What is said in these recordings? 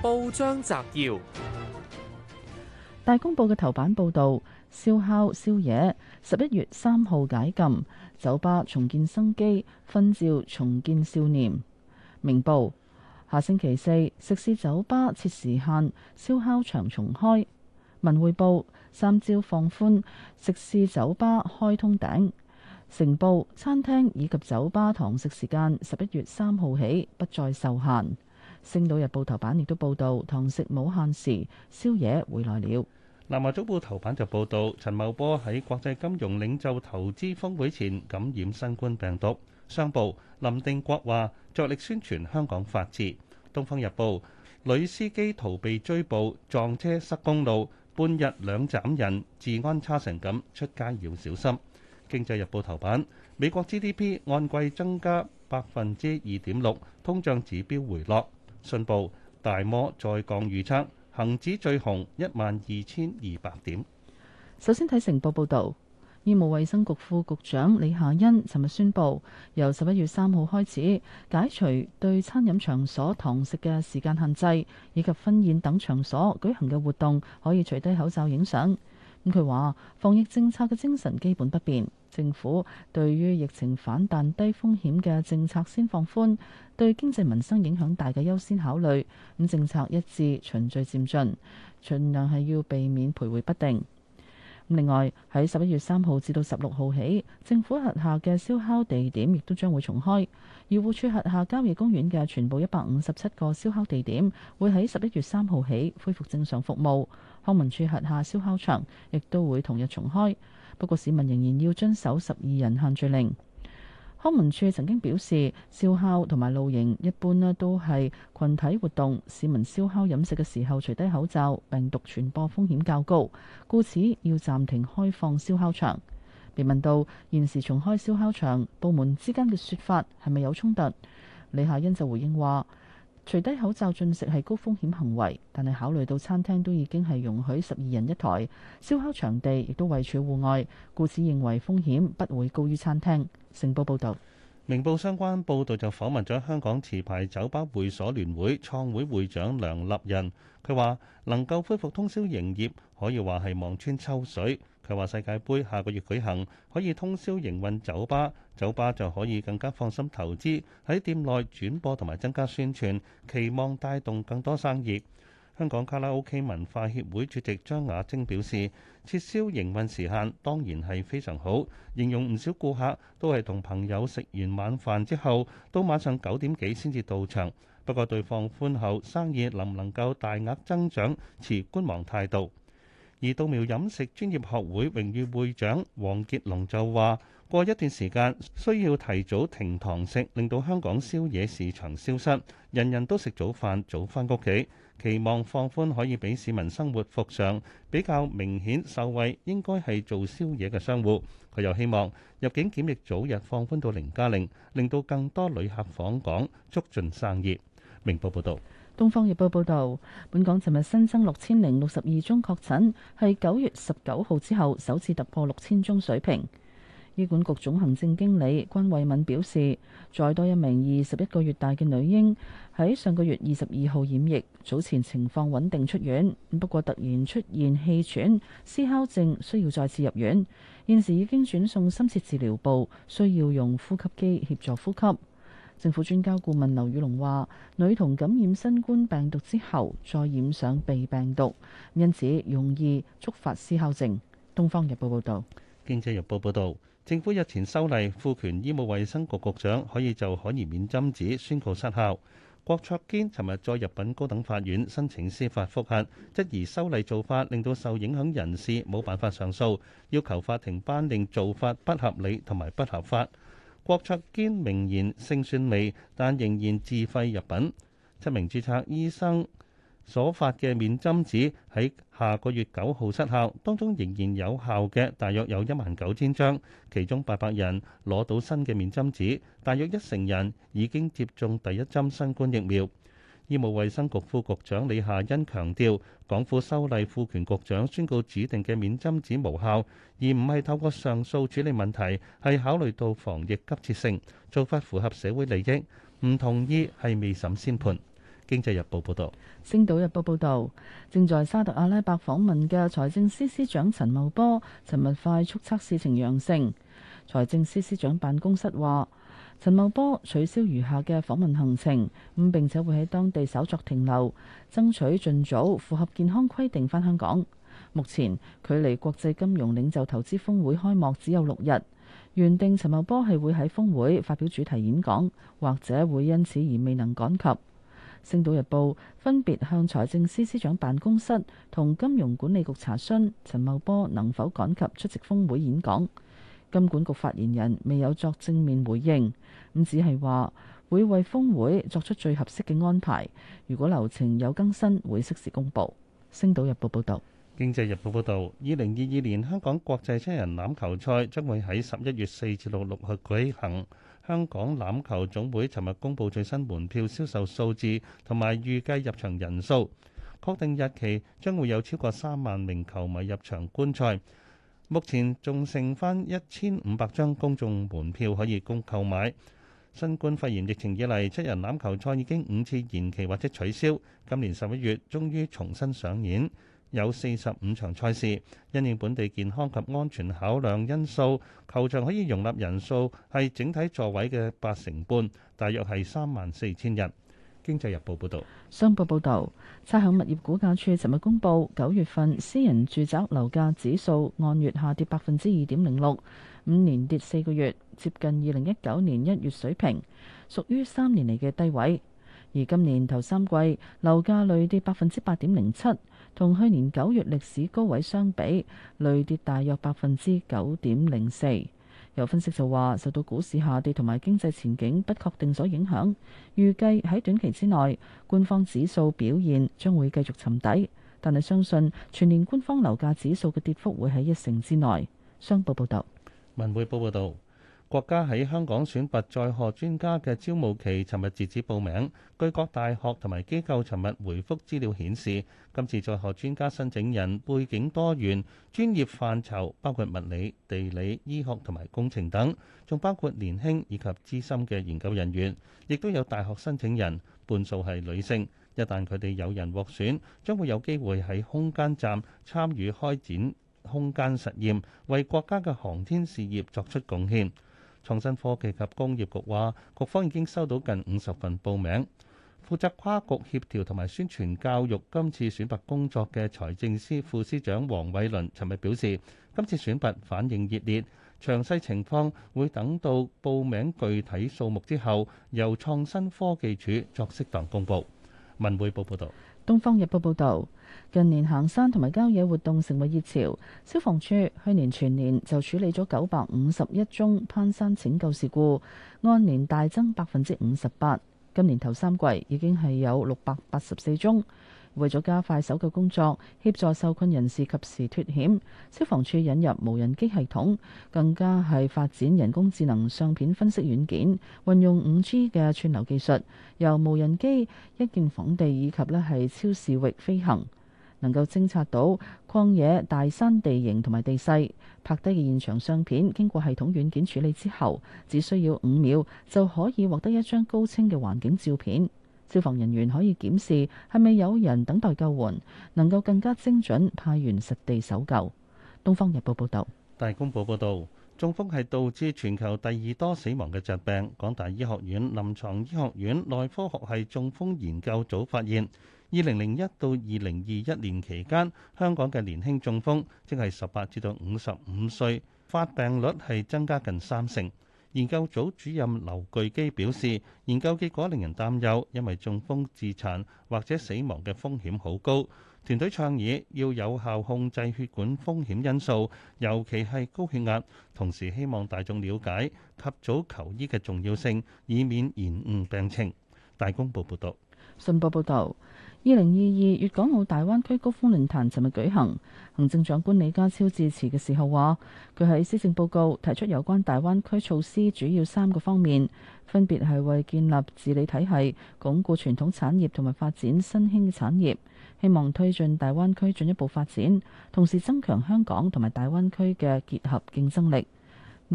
報章摘要：大公報嘅頭版報道，燒烤、宵夜，十一月三號解禁，酒吧重建生機，婚照重建少年。明報下星期四，食肆酒吧設時限，燒烤場重開。文匯報三招放寬，食肆酒吧開通頂。成報餐廳以及酒吧堂食時間，十一月三號起不再受限。《星島日報》頭版亦都報導，堂食無限時宵夜回來了。《南華早報》頭版就報導，陳茂波喺國際金融領袖投資峰會前感染新冠病毒。商報林定國話，着力宣傳香港法治。《東方日報》女司機逃避追捕撞車塞公路，半日兩斬人，治安差成咁，出街要小心。《經濟日報》頭版美國 GDP 按季增加百分之二點六，通脹指標回落。信報，大摩再降預測，恒指最紅一萬二千二百點。首先睇成報報導，醫務衛生局副、副局長李夏欣尋日宣布，由十一月三號開始，解除對餐飲場所堂食嘅時間限制，以及婚宴等場所舉行嘅活動可以除低口罩影相。咁佢話防疫政策嘅精神基本不變，政府對於疫情反彈低風險嘅政策先放寬，對經濟民生影響大嘅優先考慮。咁政策一致，循序漸進，盡量係要避免徘徊不定。另外，喺十一月三號至到十六號起，政府轄下嘅燒烤地點亦都將會重開。漁護處轄下郊野公園嘅全部一百五十七個燒烤地點，會喺十一月三號起恢復正常服務。康文署轄下燒烤場亦都會同日重開。不過，市民仍然要遵守十二人限聚令。康文署曾經表示，燒烤同埋露營一般咧都係群體活動，市民燒烤飲食嘅時候除低口罩，病毒傳播風險較高，故此要暫停開放燒烤場。被問到現時重開燒烤場，部門之間嘅説法係咪有衝突？李夏欣就回應話：除低口罩進食係高風險行為，但係考慮到餐廳都已經係容許十二人一枱，燒烤場地亦都位處戶外，故此認為風險不會高於餐廳。成報報導，明報相關報導就訪問咗香港持牌酒吧會所聯會創會會長梁立仁，佢話能夠恢復通宵營業，可以話係望穿秋水。佢話世界盃下個月舉行，可以通宵營運酒吧，酒吧就可以更加放心投資喺店內轉播同埋增加宣傳，期望帶動更多生意。香港卡拉 OK 文化協會主席張雅晶表示，撤銷營運時限當然係非常好，形容唔少顧客都係同朋友食完晚飯之後，到晚上九點幾先至到場。不過對放寬後生意能唔能夠大額增長，持觀望態度。而稻苗飲食專業學會榮譽會長黃傑龍就話，過一段時間需要提早停堂食，令到香港宵夜市場消失，人人都食早飯，早返屋企。期望放寬可以俾市民生活復常，比較明顯受惠應該係做宵夜嘅商戶。佢又希望入境檢疫早日放寬到零加零，令到更多旅客訪港，促進生意。明報報導，東方日報報導，本港尋日新增六千零六十二宗確診，係九月十九號之後首次突破六千宗水平。醫管局總行政經理關慧敏表示，再多一名二十一個月大嘅女嬰喺上個月二十二號染疫，早前情況穩定出院，不過突然出現氣喘、哮喘症，需要再次入院。現時已經轉送深切治療部，需要用呼吸機協助呼吸。政府專家顧問劉宇龍話，女童感染新冠病毒之後再染上鼻病毒，因此容易觸發哮喘症。東方日報報道，經濟日報報道。政府日前修例，賦權醫務衛生局局長可以就可疑免針紙宣告失效。郭卓堅尋日再入禀高等法院申請司法覆核，質疑修例做法令到受影響人士冇辦法上訴，要求法庭頒令做法不合理同埋不合法。郭卓堅明言勝算微，但仍然自費入稟。七名註冊醫生所發嘅免針紙喺下個月九號失效，當中仍然有效嘅大約有一萬九千張，其中八百人攞到新嘅免針紙，大約一成人已經接種第一針新冠疫苗。醫務衛生局副局長李夏欣強調，港府修例賦權局長宣告指定嘅免針紙無效，而唔係透過上訴處理問題，係考慮到防疫急切性，做法符合社會利益，唔同意係未審先判。經濟日報報道，《星島日報》報道，正在沙特阿拉伯訪問嘅財政司司長陳茂波，尋日快速測試呈陽性。財政司司長辦公室話，陳茂波取消餘下嘅訪問行程，並且會喺當地稍作停留，爭取盡早符合健康規定返香港。目前距離國際金融領袖投資峰會開幕只有六日，原定陳茂波係會喺峰會發表主題演講，或者會因此而未能趕及。《星島日報》分別向財政司司長辦公室同金融管理局查詢陳茂波能否趕及出席峯會演講，金管局發言人未有作正面回應，咁只係話會為峯會作出最合適嘅安排，如果流程有更新，會適時公佈。《星島日報》報導，《經濟日報》報導，二零二二年香港國際七人欖球賽將會喺十一月四至六六日舉行。香港欖球總會尋日公布最新門票銷售數字同埋預計入場人數，確定日期將會有超過三萬名球迷入場觀賽。目前仲剩返一千五百張公眾門票可以供購買。新冠肺炎疫情以嚟，七人欖球賽已經五次延期或者取消，今年十一月終於重新上演。有四十五場賽事，因應本地健康及安全考量因素，球場可以容納人數係整體座位嘅八成半，大約係三萬四千人。經濟日報報道，商報報道。差餉物業估價處尋日公布，九月份私人住宅樓價指數按月下跌百分之二點零六，五年跌四個月，接近二零一九年一月水平，屬於三年嚟嘅低位。而今年頭三季樓價累跌百分之八點零七。同去年九月歷史高位相比，累跌大約百分之九點零四。有分析就話，受到股市下跌同埋經濟前景不確定所影響，預計喺短期之內，官方指數表現將會繼續沉底。但係相信全年官方樓價指數嘅跌幅會喺一成之內。商報報道。文匯報報道。國家喺香港選拔載荷專家嘅招募期，尋日截止報名。據各大學同埋機構尋日回覆資料顯示，今次載荷專家申請人背景多元，專業範疇包括物理、地理、醫學同埋工程等，仲包括年輕以及資深嘅研究人員，亦都有大學申請人，半數係女性。一旦佢哋有人獲選，將會有機會喺空間站參與開展空間實驗，為國家嘅航天事業作出貢獻。創新科技及工業局話，局方已經收到近五十份報名。負責跨局協調同埋宣傳教育今次選拔工作嘅財政司副司長黃偉綸，尋日表示，今次選拔反應熱烈，詳細情況會等到報名具體數目之後，由創新科技署作適當公佈。文匯報報道。《東方日報》報導，近年行山同埋郊野活動成為熱潮，消防處去年全年就處理咗九百五十一宗攀山拯救事故，按年大增百分之五十八。今年頭三季已經係有六百八十四宗。為咗加快搜救工作，協助受困人士及時脱險，消防處引入無人機系統，更加係發展人工智能相片分析軟件，運用 5G 嘅串流技術，由無人機一鍵仿地以及呢係超視域飛行，能夠偵察到曠野、大山地形同埋地勢，拍低嘅現場相片經過系統軟件處理之後，只需要五秒就可以獲得一張高清嘅環境照片。消防人員可以檢視係咪有人等待救援，能夠更加精準派員實地搜救。《東方日報》報導，大公報報導，中風係導致全球第二多死亡嘅疾病。港大醫學院臨牀醫學院內科學系中風研究組發現，二零零一到二零二一年期間，香港嘅年輕中風，即係十八至到五十五歲，發病率係增加近三成。研究組主任劉巨基表示，研究結果令人擔憂，因為中風致殘或者死亡嘅風險好高。團隊倡議要有效控制血管風險因素，尤其係高血壓，同時希望大眾了解及早求醫嘅重要性，以免延誤病情。大公報報道。信報報導。二零二二粵港澳大灣區高峰論壇尋日舉行，行政長官李家超致辭嘅時候話：佢喺施政報告提出有關大灣區措施，主要三個方面，分別係為建立治理體系、鞏固傳統產業同埋發展新興嘅產業，希望推進大灣區進一步發展，同時增強香港同埋大灣區嘅結合競爭力。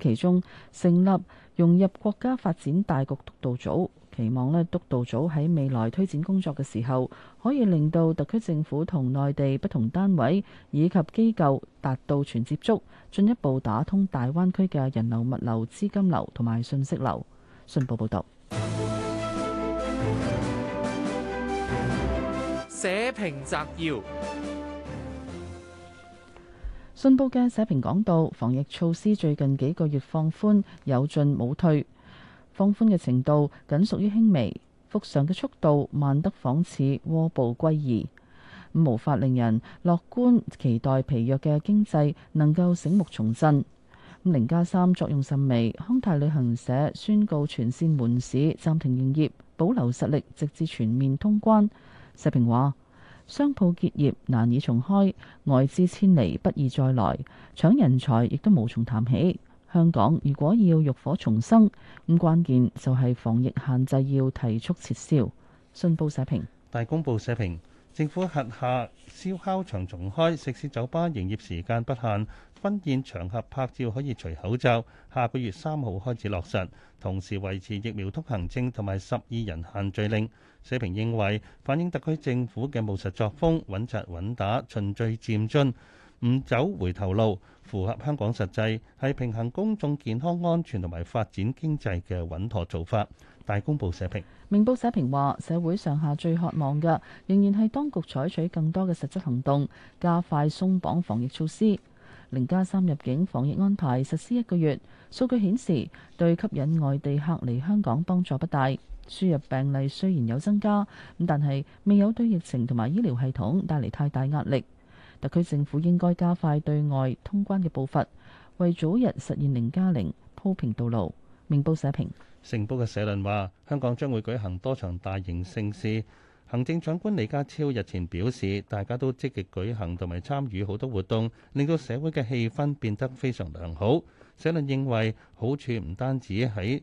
其中成立融入國家發展大局督導組。期望咧，督導組喺未來推展工作嘅時候，可以令到特區政府同內地不同單位以及機構達到全接觸，進一步打通大灣區嘅人流、物流、資金流同埋信息流。信報報道。社評摘要：信報嘅社評講到，防疫措施最近幾個月放寬，有進冇退。放寬嘅程度僅屬於輕微，復常嘅速度慢得仿似蝸步歸移，無法令人樂觀期待疲弱嘅經濟能夠醒目重振。零加三作用甚微，康泰旅行社宣告全線門市暫停營業，保留實力直至全面通關。社評話：商鋪結業難以重開，外資遷離不易再來，搶人才亦都無從談起。香港如果要浴火重生，咁關鍵就係防疫限制要提速撤銷。信報社評，大公報社評，政府轄下燒烤場重開，食肆酒吧營業時間不限，婚宴場合拍照可以除口罩。下個月三號開始落實，同時維持疫苗通行證同埋十二人限聚令。社評認為反映特區政府嘅務實作風，穩紮穩打，循序漸進。唔走回頭路，符合香港實際，係平衡公眾健康安全同埋發展經濟嘅穩妥做法。大公報社評，明報社評話，社會上下最渴望嘅，仍然係當局採取更多嘅實質行動，加快鬆綁防疫措施。零加三入境防疫安排實施一個月，數據顯示對吸引外地客嚟香港幫助不大。輸入病例雖然有增加，咁但係未有對疫情同埋醫療系統帶嚟太大壓力。特區政府應該加快對外通關嘅步伐，為早日實現零加零鋪平道路。明報社評，成報嘅社論話，香港將會舉行多場大型盛事。行政長官李家超日前表示，大家都積極舉行同埋參與好多活動，令到社會嘅氣氛變得非常良好。社論認為，好處唔單止喺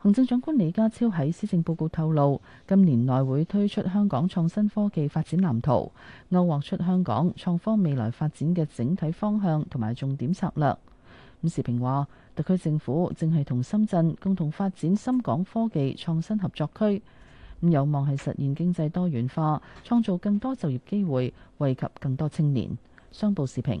行政長官李家超喺施政報告透露，今年內會推出香港創新科技發展藍圖，勾畫出香港創科未來發展嘅整體方向同埋重點策略。咁時評話，特區政府正係同深圳共同發展深港科技創新合作區，咁有望係實現經濟多元化，創造更多就業機會，惠及更多青年。商報時評。